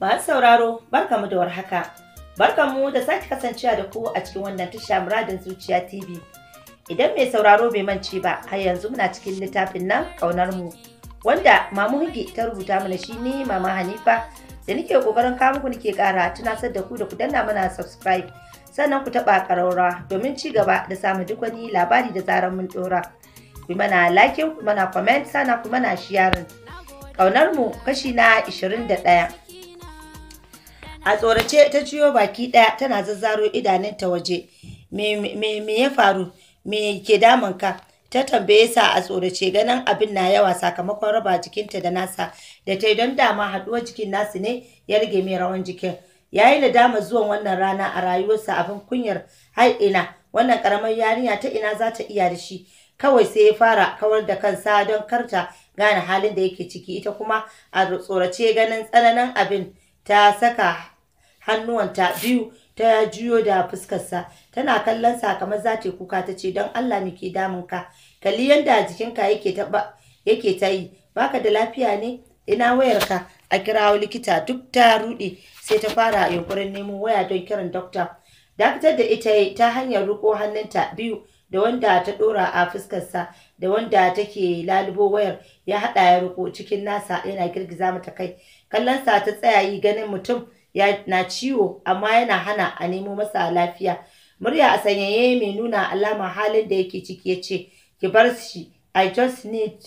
Masu sauraro, barka mu da warhaka. mu da sake kasancewa da ku a cikin wannan tasha muradin zuciya TV. Idan mai sauraro bai mance ba, har yanzu muna cikin littafin nan kaunar mu. Wanda Mamu Higi ta rubuta mana shi ne Mama Hanifa da nake kokarin kawo muku nake kara tunasar da ku da ku danna mana subscribe. Sannan ku taɓa ƙaraura domin ci gaba da samun duk wani labari da zarar mun ɗora. ku mana like ku mana comment sana ku mana sharing kaunar mu kashi na 21 a tsorace ta ciyo baki ɗaya tana zazzaro idanunta waje me ya faru me ke ka? ta tambaye sa a tsorace ganin abin na yawa sakamakon raba jikinta da nasa da ta don dama haɗuwar jikin nasu ne ya rage mai rawan jikin yayi yi dama zuwan wannan rana a rayuwarsa abin kunyar har ina wannan karamar yarinya ta ina za ta iya da shi kawai sai ya fara kawar da kansa don karta gane halin da yake ciki ita kuma a tsorace ganin tsananin abin ta saka hannuwanta biyu ta juyo da fuskarsa tana kallon sa kamar za ta kuka ta ce don Allah me damun ka kalli yadda jikinka yake ta yake ta yi baka da lafiya ne ina wayarka a kirawo likita duk ta rude sai ta fara yunkurin neman waya don kiran dokta dakatar da ita ta hanyar riko hannunta biyu da wanda ta dora a fuskarsa da wanda take lalubo wayar ya hada ya riko cikin nasa yana girgiza mata kai kallon sa ta tsaya yi ganin mutum na ciwo amma yana hana a nemo masa lafiya murya a sanyaye mai nuna alama halin da yake ciki ya ce ki bar shi i just need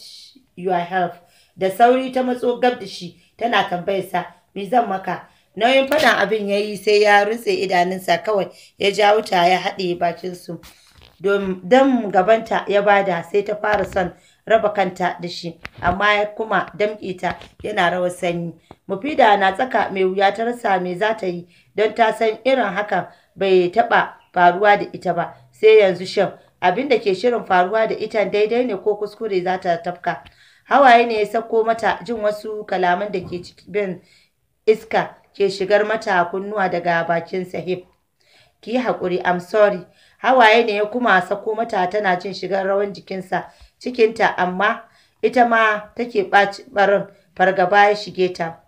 your help da sauri ta matso gab da shi tana sa me zan maka nauyin faɗan abin ya yi sai ya rutse idanunsa kawai ya ja wuta ya haɗe bakinsu don gabanta ya bada sai ta fara son raba kanta da shi amma ya kuma damƙe ta yana rawar sanyi mufida na tsaka mai wuya ta rasa me za ta yi don ta san irin hakan bai taɓa faruwa da ita ba sai yanzu shin abin da ke shirin faruwa da ita daidai ne ko kuskure za ta tafka hawaye ne ya sauko mata jin wasu kalaman da ke cikin iska ke shigar mata kunnuwa daga bakin sahib ki yi haƙuri i'm sorry hawaye ne ya kuma sako mata tana jin shigar rawan jikinsa cikinta amma ita ma take barin fargaba ya shige ta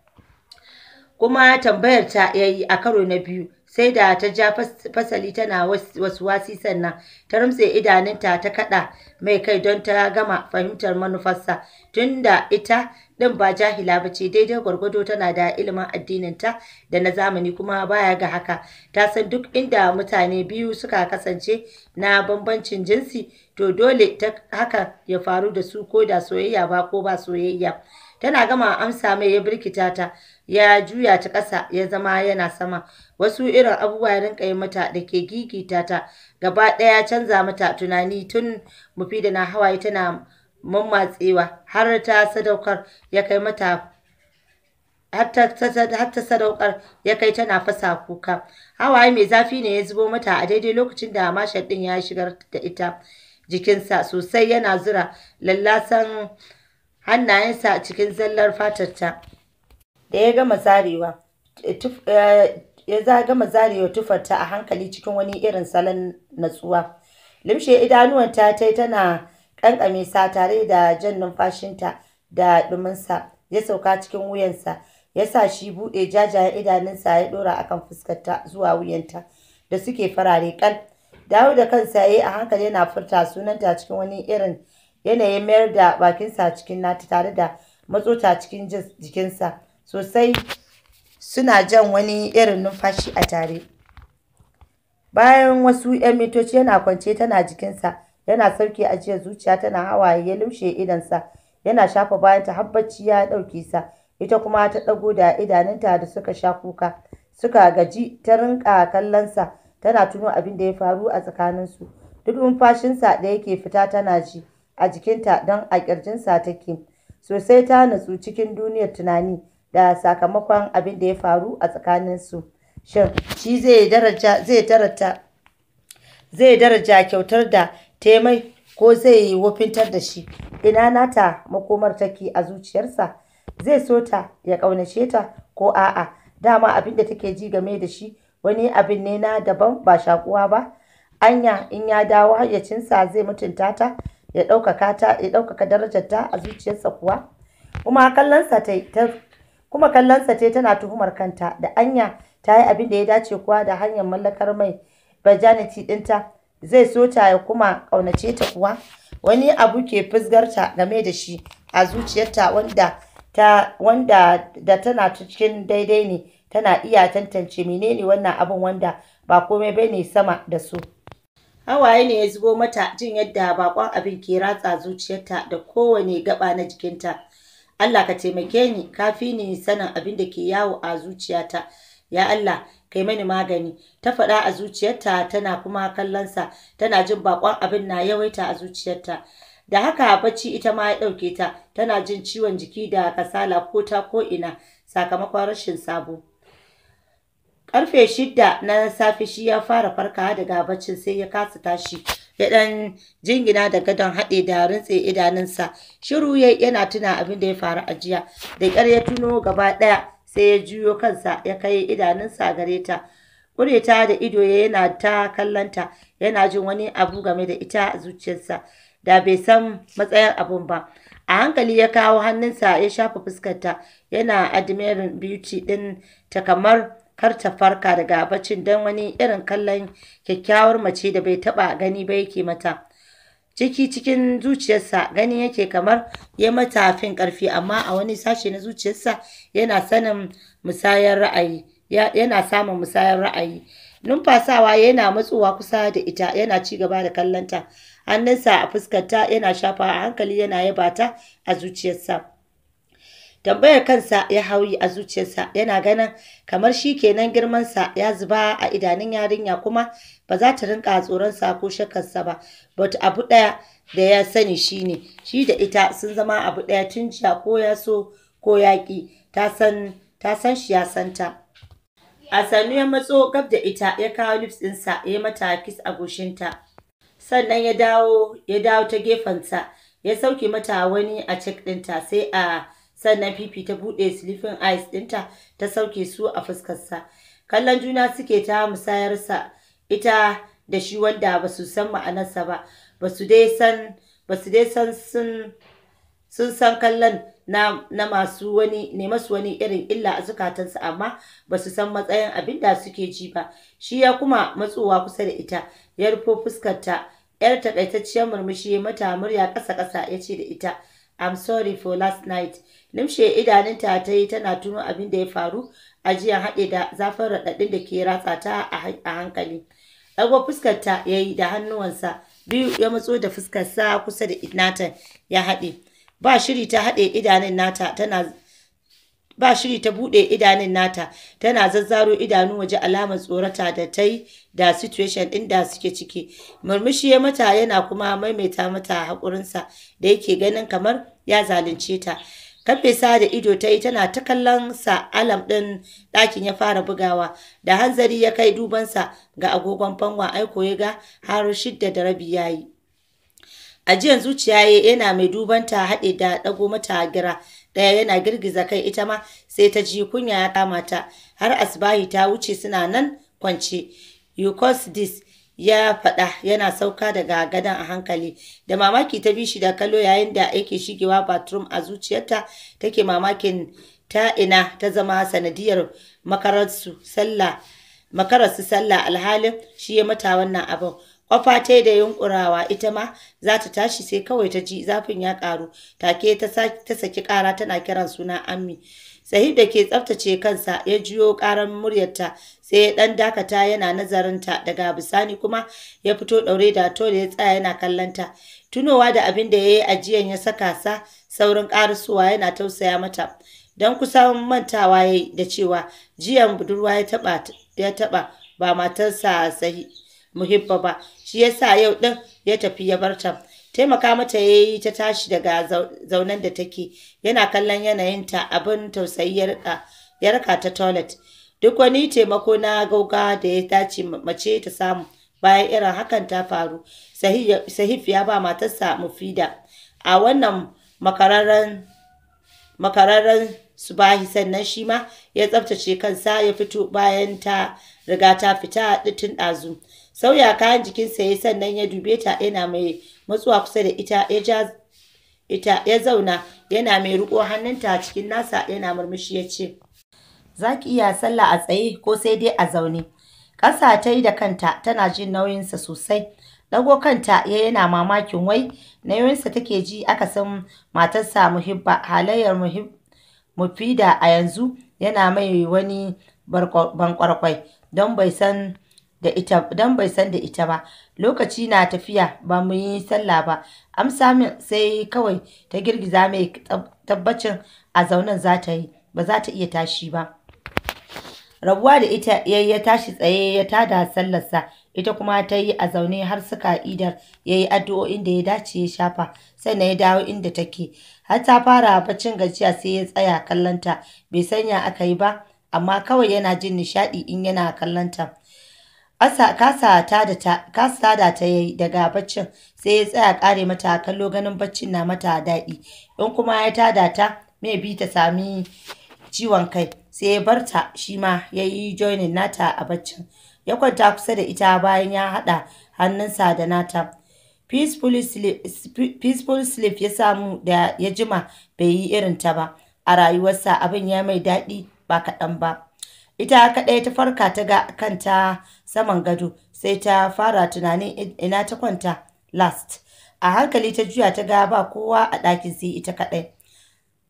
kuma tambayar ta yayi a karo na biyu sai da ta ja fasali tana wasu wasi sannan ta rumtse idanunta ta kaɗa mai kai don ta gama fahimtar manufarsa tun da ita din ba jahila ba ce daidai gwargwado tana da ilimin addininta da na zamani kuma baya ga haka ta san duk inda mutane biyu suka kasance na bambancin jinsi to dole ta haka ya faru da su ko da soyayya ba ko ba soyayya Tana gama amsa mai ya birkita ta, ya juya ta ƙasa ya zama yana sama. Wasu irin abubuwa ya rinka yi mata da ke gigita ta, gaba ɗaya canza mata tunani tun mufi da na hawaye tana mammatsewa har ta sadaukar ya kai mata har ta sadaukar ya kai tana fasa kuka. Hawaye mai zafi ne ya zubo mata a daidai lokacin da mashar ɗin ya shigar da ita jikinsa sosai yana zura lallasan hannayensa a cikin zallar fatarta da ya gama zarewa eh, eh, ya za gama zarewa tufarta a hankali cikin wani irin salon natsuwa limshe idanuwanta ta tana kankame sa tare da jan numfashinta da ɗuminsa ya sauka cikin wuyansa ya sa shi buɗe jajayen idanunsa ya ɗora akan fuskarta zuwa wuyanta da suke farare kal dawo da kansa ya yi a hankali yana furta sunanta cikin wani irin yanayin mayar da bakinsa a cikin nata tare da matsota cikin jikinsa sosai suna jan wani irin numfashi a tare bayan wasu 'yan mitoci yana kwance tana jikinsa yana sauke ajiyar zuciya tana hawaye ya lumshe idansa yana shafa bayanta ta har ya ɗauke sa ita kuma ta ɗago da idanunta da suka sha kuka suka gaji ta rinka kallonsa tana tuno abin da ya faru a tsakaninsu duk numfashinsa da yake fita tana ji a jikinta don a ƙirjinsa take sosai ta nutsu cikin duniyar tunani da sakamakon abin da ya faru a tsakaninsu shin shi zai daraja zai zai daraja kyautar da taimai ko zai yi wofintar da shi ina nata makomar take a zuciyarsa zai so ta ya ƙaunace ta ko a'a dama abin da take ji game da shi wani abin ne na daban ba shakuwa ba anya in ya dawo hayyacinsa zai mutunta ta ya ɗaukaka ta ya ɗaukaka darajar ta a zuciyarsa kuwa kuma kallonsa ta kuma kallonsa ta tana tuhumar kanta da anya ta yi abin da ya dace kuwa da hanyar mallakar mai bajaniti ɗinta zai so ta ya kuma ƙaunace ta kuwa wani abu ke fusgarta game da shi a zuciyarta wanda ta wanda da tana cikin daidai ne tana iya tantance menene wannan abin wanda ba komai bane sama da su Hawaye ne ya zubo mata jin yadda bakon abin ke ratsa zuciyarta da kowane gaba na jikinta. Allah ka taimake ni, kafi ni sanin abin da ke yawo a zuciyata. Ya Allah, kai mani magani. Ta faɗa a zuciyarta tana kuma kallonsa, tana jin bakon abin na yawaita a zuciyarta. Da haka bacci ita ma ya ɗauke ta, tana jin ciwon jiki da kasala ko ta ko ina sakamakon rashin sabo. Karfe shida na safe shi ya fara farkawa daga baccin sai ya kasa tashi ya dan jingina da gadon haɗe da rintse idanunsa. Shiru ya yana tuna abin da ya faru a jiya. Da ƙyar ya tuno gaba ɗaya sai ya juyo kansa ya kai idanunsa gare ta. Ƙureta da ido yana ta kallanta yana jin wani abu game da ita a zuciyarsa. Da bai san matsayin abun ba. a hankali ya kawo hannunsa ya shafa fuskarta yana admiring beauty din ta kamar kar ta farka daga bacin don wani irin kallon kyakkyawar mace da bai taba gani ba yake mata ciki cikin zuciyarsa gani yake kamar ya mata fin karfi amma a wani sashe na zuciyarsa yana sanin musayar ra'ayi yana samun musayar ra'ayi numfasawa yana matsowa kusa da ita yana ci gaba da kallonta hannunsa a fuskarta yana shafa a hankali yana yaba ta a zuciyarsa tambayar kansa ya hauyi a zuciyarsa yana ganin kamar shi kenan girmansa ya zuba a idanun yarinya kuma ba za ta rinka tsoronsa ko shakarsa ba but abu ɗaya da ya sani shine shi da ita sun zama abu ɗaya tun jiya ko ya so ko ya ƙi ta san shi ya san a sannu ya matso gab da ita ya kawo lips ɗinsa ya mata kiss a goshinta sannan ya dawo ya dawo ta gefensa ya sauke mata wani a cik ɗinta sai a sannan fifi ta bude silifin eyes ɗinta ta sauke su a fuskarsa kallon juna suke ta musayarsa ita da shi wanda ba su san ma'anarsa ba ba su dai san sun san kallon na, masu wani ne masu wani irin illa a zukatansu amma ba su san matsayin abin da suke ji ba shi ya kuma matsowa kusa da ita ya rufo fuskarta yar takaitacciyar murmushi mata murya ƙasa-ƙasa ya ce da ita I'm sorry for last night. Limshe idanunta ta yi tana tuno abin da ya faru a jiya haɗe da zafin raɗaɗin da ke ratsa ta a hankali. Ɗago fuskarta ya yi da hannuwansa biyu ya matso da fuskarsa kusa da Nathan ya haɗe. Ba shiri ta haɗe idanun nata tana ba shiri ta buɗe idanun nata tana zazzaro idanu waje alamar tsorata da ta yi da situation ɗin da suke ciki murmushi ya mata yana kuma maimaita mata haƙurinsa da yake ganin kamar ya zalunce ta kafesa da ido ta yi tana ta kallon sa alam ɗin ɗakin ya fara bugawa da hanzari ya kai dubansa ga agogon fanwa aiko ya ga har shidda da rabi ya yi ajiyan zuciya yana mai dubanta haɗe da ɗago mata gira Ɗaya yana girgiza kai ita ma sai ta ji kunya ya kama ta har asbahi ta wuce suna nan kwance. dis ya faɗa yana sauka daga gadon a hankali da mamaki ta bi shi da kallo yayin da yake shigewa bathroom a zuciyarta take mamakin ta ina ta zama sanadiyar makararsu sallah makararsu sallah alhalin shi ya mata wannan abin kwafa ta da yunkurawa ita ma za ta tashi sai kawai ta ji zafin ya ƙaru take ta saki ƙara tana kiran suna Ammi. Sahib da ke tsaftace kansa ya jiyo ƙaran muryarta sai ya ɗan dakata yana nazarinta daga bisani kuma ya fito ɗaure da tole ya tsaya yana kallonta. Tunowa da abin da ya yi ajiyan ya saka sa saurin ƙarasuwa yana tausaya mata. Don kusan mantawa ya da cewa jiyan budurwa ya taba ba matarsa sahi muhibba ba shi yasa yau din ya tafi ya bar ta taimaka mata ya yi ta tashi daga zaunan da take yana kallon yanayin ta abin tausayi ya raka ta toilet duk wani taimako na gauga da ya dace mace ta samu bayan irin hakan ta faru sahif ya ba matarsa mufida a wannan makararren makararren bahi sannan shi ma ya tsabtace kansa ya fito bayan ta riga ta fita tun ɗazu Sauya kayan jikinsa ya sannan ya dube ta yana mai matsuwa kusa da ita ya ja ita ya zauna yana mai riko hannunta cikin nasa yana murmushi ya ce za ki iya sallah a tsaye ko sai dai a zaune ƙasa ta yi da kanta tana jin nauyinsa sosai ɗago kanta ya yana mamakin wai nauyinsa take ji aka san matarsa muhibba halayyar mufida a yanzu yana mai wani bankwarkwai don bai san da ita dan bai san da ita ba lokaci na tafiya ba mu yi sallah ba amsa min sai kawai ta girgiza mai tabbacin a zaunan za ta yi ba za ta iya tashi ba rabuwa da ita ya tashi tsaye ya tada sallarsa ita kuma ta yi a zaune har suka idar ya yi addu'o'in da ya dace ya shafa sai sannan ya dawo inda take har ta fara bacin gajiya sai ya tsaya kallonta bai sanya aka yi ba amma kawai yana jin nishaɗi in yana kallonta kasa tada ta yi daga baccin sai ya tsaya kare mata kallo ganin baccin na mata daɗi in kuma ya tada ta me bi ta sami ciwon kai sai ya barta shi ma ya yi joinin nata a baccin ya kwanta kusa da ita bayan ya haɗa hannunsa da nata peaceful sleep ya samu da ya jima bai yi irin ta ba a rayuwarsa abin ya mai daɗi ba kaɗan ba ita kaɗai ta farka ta ga kanta saman gado sai ta fara tunanin ina ta kwanta last a hankali ta juya ta ga ba kowa a ɗakin sai ita kaɗai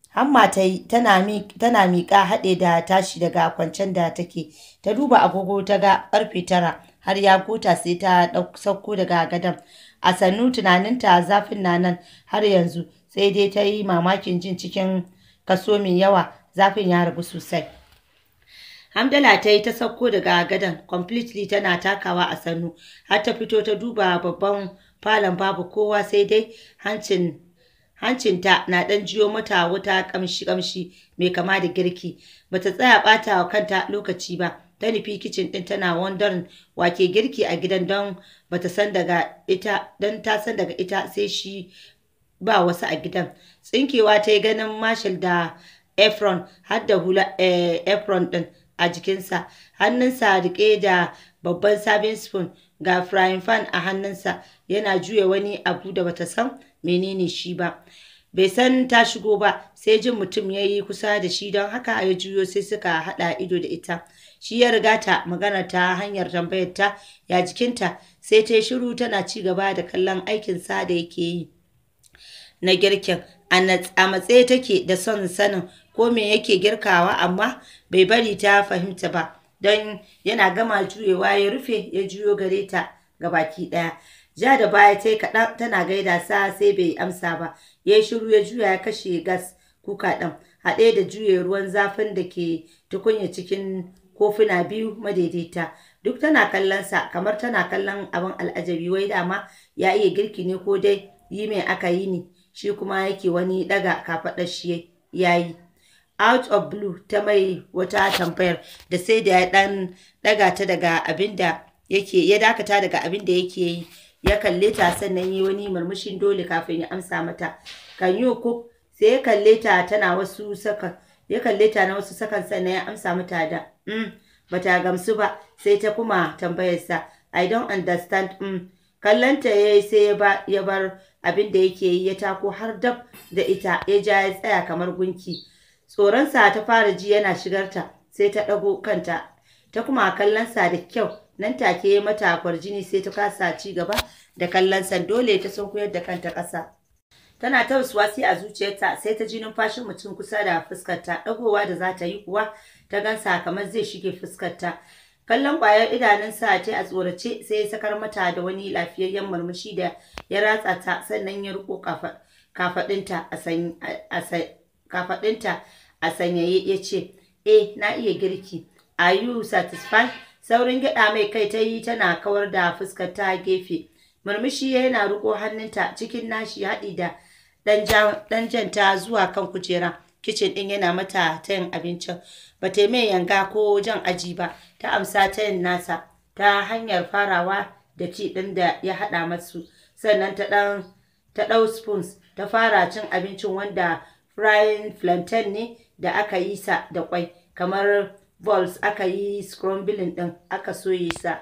hamma ta yi tana miƙa haɗe da tashi daga kwancen da take ta duba agogo ta ga ƙarfe tara har ya gota sai ta sauko daga gadon a sannu tunaninta zafin na nan har yanzu sai dai ta yi mamakin jin cikin kaso mai yawa zafin ya ragu sosai Hamdala ta yi ta sauko daga gadon completely tana takawa a sannu har ta fito ta duba babban falon babu kowa sai dai hancin hancinta na ɗan jiyo mata wuta ƙamshi-ƙamshi mai kama da girki bata tsaya ɓata wa kanta lokaci ba ta nufi kicin ɗin tana wandon wake girki a gidan don bata san daga ita don ta san daga ita sai shi ba wasu a gidan tsinkewa ta yi ganin marshal da efron har da hula eh, efron ɗin a jikinsa hannunsa riƙe da babban sabin spoon ga frying pan a hannunsa yana juya wani abu da bata san menene shi ba bai san ta shigo ba sai jin mutum ya yi kusa da shi don haka ya juyo sai suka haɗa ido da ita shi ya riga ta magana ta hanyar tambayar ta ya jikinta sai ta shiru tana ci gaba da kallon aikin sa da yake yi na girkin a matsaye take da son sanin ko me yake girkawa amma bai bari ta fahimta ba don yana gama juyewa ya rufe ya juyo gare ta baki ɗaya ja da baya ta yi kaɗan tana gaida sa sai bai amsa ba ya yi shiru ya juya ya kashe gas kuka ɗan haɗe da juya ruwan zafin da ke tukunya cikin kofuna biyu madaidaita duk tana kallon sa kamar tana kallon abin al'ajabi wai dama ya iya girki ne ko dai yi mai aka yi ne shi kuma yake wani daga kafaɗar shi ya yi. out of blue ta mai wata tambayar da sai da ya dan daga ta daga abinda yake ya dakata daga abin yake yi ya kalle ta sannan yi wani murmushin dole kafin ya amsa mata kan yi cook sai ya kalle ta tana wasu sakan ya kalle ta na wasu sakan sannan ya amsa mata da mm bata gamsu ba sai ta kuma tambayarsa sa i don't understand mm kallanta yayi sai ya bar abin da yake yi ya tako har dab da ita ya ja ya tsaya kamar gunki Tsoron sa ta fara ji yana shigarta sai ta ɗago kanta ta kuma sa da kyau nan take ya mata jini sai ta kasa ci gaba da kallonsa dole ta sunkuyar da kanta ƙasa. Tana ta sai a zuciyarta sai ta ji numfashin mutum kusa da fuskarta ɗagowa da za ta yi kuwa ta gansa kamar zai shige fuskarta. Kallon ƙwayar idanunsa ta a tsorace sai ya sakar mata da wani lafiyayyen murmushi da ya ratsa ta sannan ya riko kafaɗinta a sanyi. kafaɗinta a sanyaye ya ce, "E, na iya girki, are you satisfied?" Saurin gyaɗa mai kai ta yi tana kawar da fuskar ta gefe. Murmushi yana riko hannunta cikin nashi haɗi da ɗan janta zuwa kan kujera. Kicin ɗin yana mata tayin abincin. Ba ta mai yanga ko jan aji ba, ta amsa tayin nasa ta hanyar farawa da ci ɗin da ya haɗa masu. Sannan ta ɗan ta ɗau spoons ta fara cin abincin wanda frying plantain ne da aka yi sa da kwai kamar balls aka yi scrambling din aka soye sa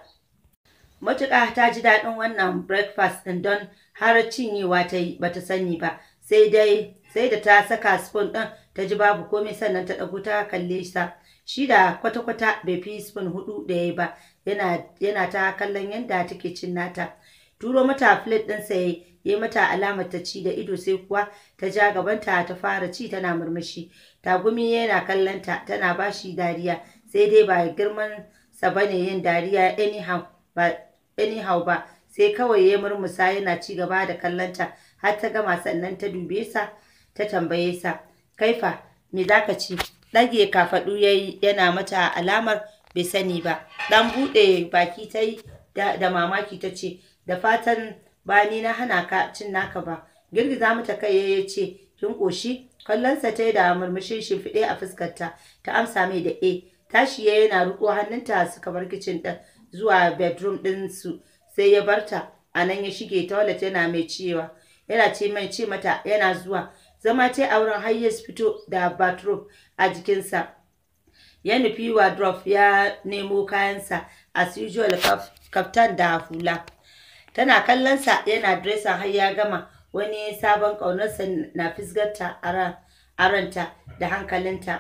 matuƙa ta ji daɗin wannan breakfast din don har cinyewa ta yi bata sani ba sai dai sai da ta saka spoon ɗin ta ji babu komai sannan ta ɗago ta kalle sa shi da kwata-kwata bai fi spoon hudu da ya ba yana ta kallon yadda take cin nata turo mata plate ɗin sa yayi mata alamar ta ci da ido sai kuwa ta ja gabanta ta fara ci tana murmushi tagumi yana kallanta tana bashi dariya sai dai ba girman sa bane yin dariya anyhow ba anyhow ba sai kawai ya murmusa yana ci gaba da kallanta har ta gama sannan ta dube sa ta tambaye sa kaifa me zaka ci ɗage kafaɗu yayi yana mata alamar bai sani ba dan buɗe baki ta yi da mamaki tace da fatan ba ni na hana ka cin naka ba girgiza mata kai ya ce kin koshi kallonsa ta yi da murmushin shimfiɗe a fuskarta ta amsa mai da e tashi ya yana riko hannunta suka bar kicin ɗin zuwa bedroom su. sai ya barta a nan ya shige toilet yana mai cewa yana ce mai ce mata yana zuwa zama ce a wurin har fito da bathroom a jikinsa ya nufi wardrobe ya nemo kayansa as usual kaftan da hula tana kallonsa yana dresa har ya gama wani sabon ƙaunarsa na fisgarta a aranta da hankalinta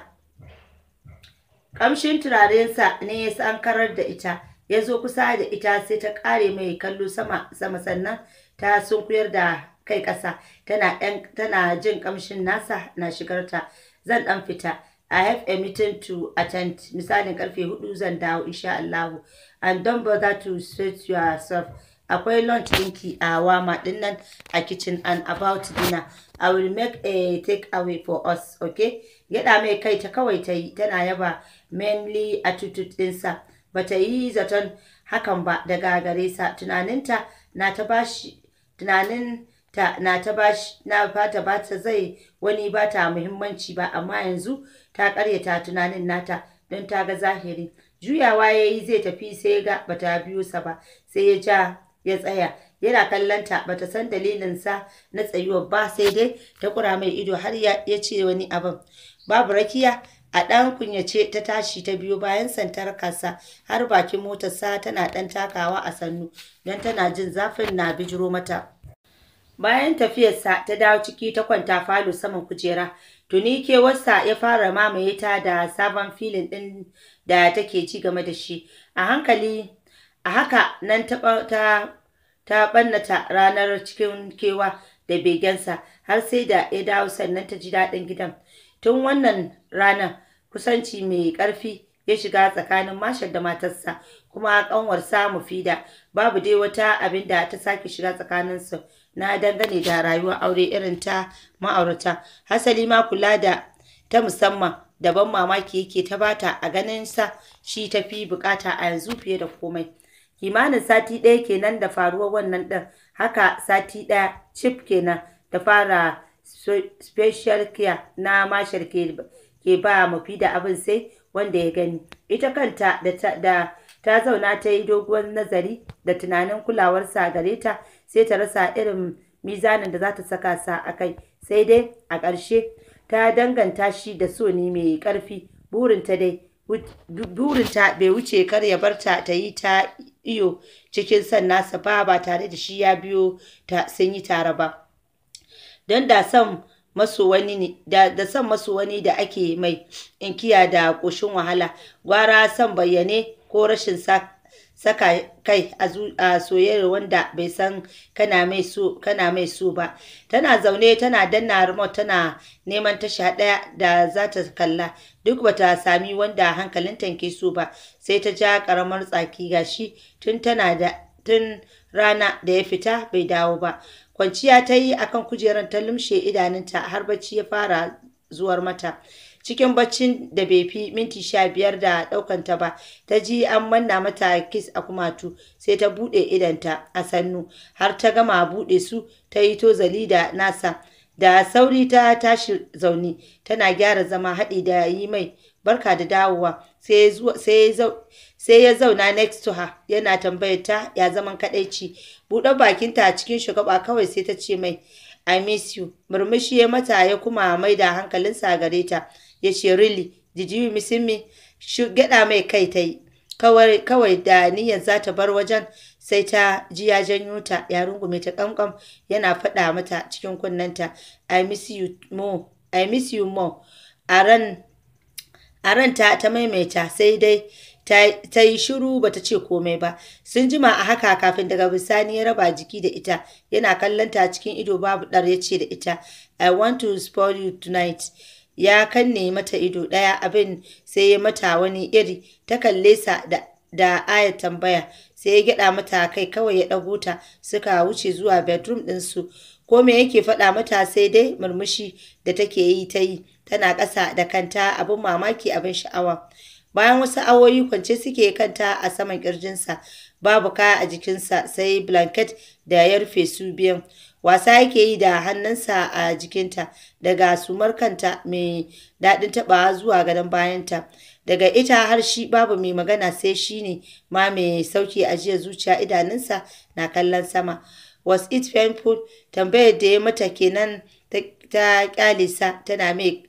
ƙamshin turarensa ne ya sankarar da ita ya zo kusa da ita sai ta ƙare mai kallo sama sama sannan ta sunkuyar da kai ƙasa tana tana jin kamshin nasa na shigarta zan ɗan fita I have a meeting to attend. Misalin karfe hudu zan dawo insha Allah. And don't bother to stress yourself. Akwai lunch dinki a Wama din nan a kitchen and about dinner. I will make a take away for us, okay? Gyaɗa mai kai ta kawai ta yi tana yaba mainly attitude ɗinsa. Bata yi zaton hakan ba daga gare sa tunaninta na ta bashi tunanin ta na ta bashi na fata bata zai wani bata muhimmanci ba amma yanzu ta karyata tunanin nata don ta ga zahiri juyawa ya yi zai tafi sai ga bata biyo sa ba sai ya ja ya tsaya yana kallon ta bata san dalilin sa na tsayuwa ba sai dai ta kura mai ido har ya ce wani abin babu rakiya a ɗan kunyace ta tashi ta biyo bayan santar kasa har bakin motarsa tana ɗan takawa a sannu don tana jin zafin na bijiro mata bayan tafiyarsa ta dawo ciki ta kwanta falo saman kujera tuni kewarsa ya fara mamaye ta da sabon filin ɗin da take ci game da shi a hankali A haka nan ta bannata ranar cikin kewa da begensa har sai da ya dawo sannan ta ji daɗin gidan. Tun wannan ranar kusanci mai ƙarfi ya shiga tsakanin mashar da matarsa kuma ƙanwar ƙanwarsa Mufida babu dai wata abin da ta sake shiga tsakaninsu na dangane da rayuwar aure irin ta ma'aurata. Hasali ma kula da ta musamman daban mamaki yake ta bata a ganin sa shi tafi bukata a yanzu fiye da komai. Kimanin sati ɗaya kenan da faruwar wannan ɗin, haka sati ɗaya cif kenan ta fara Special Care na Marshal ke ba da abin sai wanda ya gani. Ita kanta da ta zauna ta yi doguwar nazari da tunanin kulawarsa gare ta sai ta rasa irin mizanin da za ta saka sa a kai sai dai a ƙarshe ta danganta shi da so ne mai ƙarfi burinta dai burinta bai wuce kar ya barta ta yi ta iyo cikin son nasa ba ba tare da shi ya biyo ta sun yi tare ba don da son masu wani da, da son masu wani da ake mai inkiya da ƙoshin wahala gwara son bayyane ko rashin sa saka kai a soyayyar wanda bai san kana mai so ba tana zaune tana danna remote tana neman tasha ɗaya da za ta kalla duk bata sami wanda hankalinta ke so ba sai ta ja karamar tsaki gashi tun tana da tun rana da ya fita bai dawo ba kwanciya ta yi akan kujerar ta lumshe idanunta har bacci ya fara zuwar mata cikin baccin da bai fi minti sha biyar da ɗaukanta ba ta ji an manna mata kis a kumatu sai ta buɗe idanta a sannu har ta gama buɗe su ta yi tozali da nasa da sauri ta tashi zauni tana gyara zama haɗi da yi mai barka da dawowa sai ya zauna next to her yana tambayar ta ya zaman kadaici buɗe bakinta cikin shugaba kawai sai ta ce mai I miss you murmushi ya mata ya kuma mai da hankalinsa gare ta ya ce really did you miss me gyaɗa mai kai ta yi kawai da niyyar za ta bar wajen sai ta ji ya janyo ta ya rungume ta kamkam yana faɗa mata cikin kunnanta i miss you more a ran ta ta maimaita sai dai ta yi shiru bata ce komai ba sun jima a haka kafin daga bisani ya raba jiki da ita yana kallon cikin ido babu ɗar ya ce da ita i want to spoil you tonight ya kanne mata ido ɗaya abin sai ya mata wani iri ta kalle sa da aya tambaya sai ya gyaɗa mata kai kawai ya ɗago ta suka wuce zuwa bedroom ɗinsu ko me yake faɗa mata sai dai murmushi da take yi ta yi tana ƙasa da kanta abin mamaki abin sha'awa bayan wasu awoyi kwance suke kanta a saman kirjinsa babu kaya a jikinsa sai blanket da ya rufe su biyan wasa yake yi da hannunsa a jikinta daga sumar kanta mai daɗin taɓawa zuwa gadon bayanta daga ita har shi babu mai magana sai shi ne ma mai sauki ajiyar zuciya idanunsa na kallon sama was it painful tambayar da ya mata kenan ta kyale sa tana mai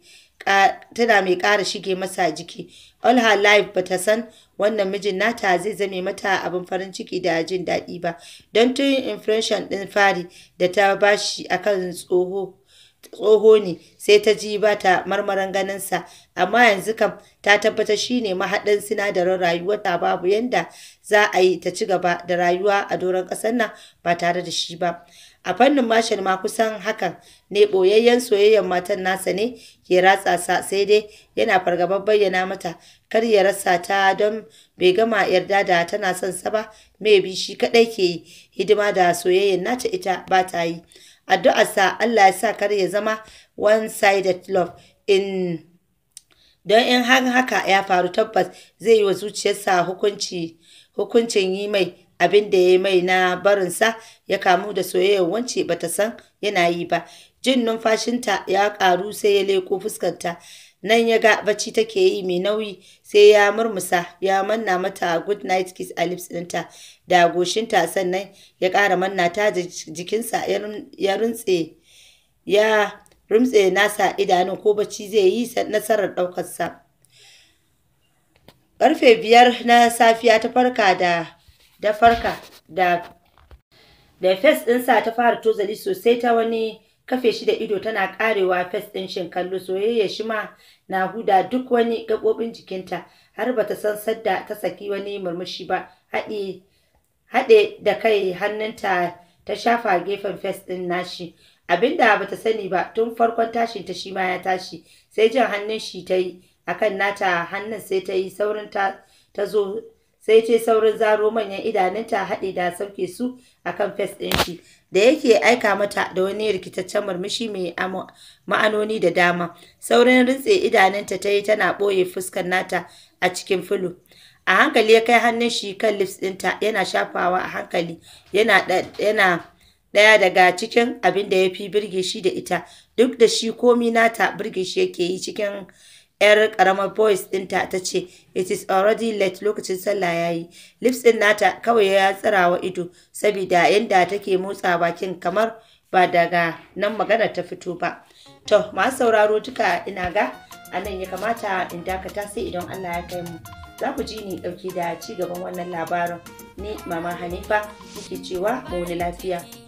ƙara shige masa jiki all Live life ba ta san wannan mijin nata zai zame mata abin farin ciki da jin daɗi ba don tun inflation ɗin fari da ta bashi akan tsoho tsoho ne sai ta ji ba ta marmaran ganinsa amma yanzu kam ta tabbata shi ne mahaɗin sinadarin rayuwar ta babu yanda za a yi ta ci gaba da rayuwa a doron ƙasar nan ba tare da shi ba a fannin mashin ma kusan hakan ne boyayyen soyayyen matan nasa ne ke ratsa sa sai dai yana fargabar bayyana mata kar ya rasa ta don bai gama yarda da tana son sa ba bi shi kadai ke hidima da soyayyen nata ita ba ta yi addu'arsa Allah ya sa kar ya zama one sided love in don in har haka ya faru tabbas zai yi wa zuciyarsa hukunci hukuncin yi mai abin da ya mai na barinsa ya kamu da soyayyar wance ta san yana yi ba jin numfashinta ya karu sai ya leko fuskarta nan ya ga bacci take yi mai nauyi sai ya murmusa ya manna mata good night kiss a lips ɗinta da goshinta sannan ya ƙara manna ta jikinsa ya runtse ya rumtse nasa idanun ko bacci zai yi nasarar ɗaukarsa. Karfe biyar na safiya ta farka da ta farka da da fes sa ta fara tozali sosai ta wani kafe shi da ido tana karewa fes ɗin shin kallo soyayya shi ma na huda duk wani gaɓoɓin jikinta har ba ta san sadda ta saki wani murmushi ba haɗe da kai hannunta ta shafa gefen fes ɗin nashi abinda ba ta sani ba tun farkon tashin ta shi ma ya tashi sai jin hannun shi ta yi akan nata hannun sai ta yi saurin ta zo sai ce saurin zaro manyan idanunta haɗe da sauke su a kan fes ɗin shi da yake aika mata da wani rikitaccen murmushi mai ma'anoni da dama saurin rintse idanunta ta yi tana ɓoye fuskar nata a cikin fulu a hankali ya kai hannun shi kan lips ɗinta yana shafawa a hankali yana yana ɗaya daga cikin abin da ya fi birge shi da ita duk da shi komi nata birge shi yake yi cikin 'yar karamar voice dinta ta ce it is already late lokacin sallah ya yi. lips din nata kawai ya tsirawa ido saboda yadda take motsa bakin kamar ba daga nan magana ta fito ba to masu sauraro duka ina ga A nan ya kamata in dakata sai idan Allah ya kai mu za ku ji ni ɗauki da ci gaban wannan labarin ni mama Hanifa nake cewa mu wani lafiya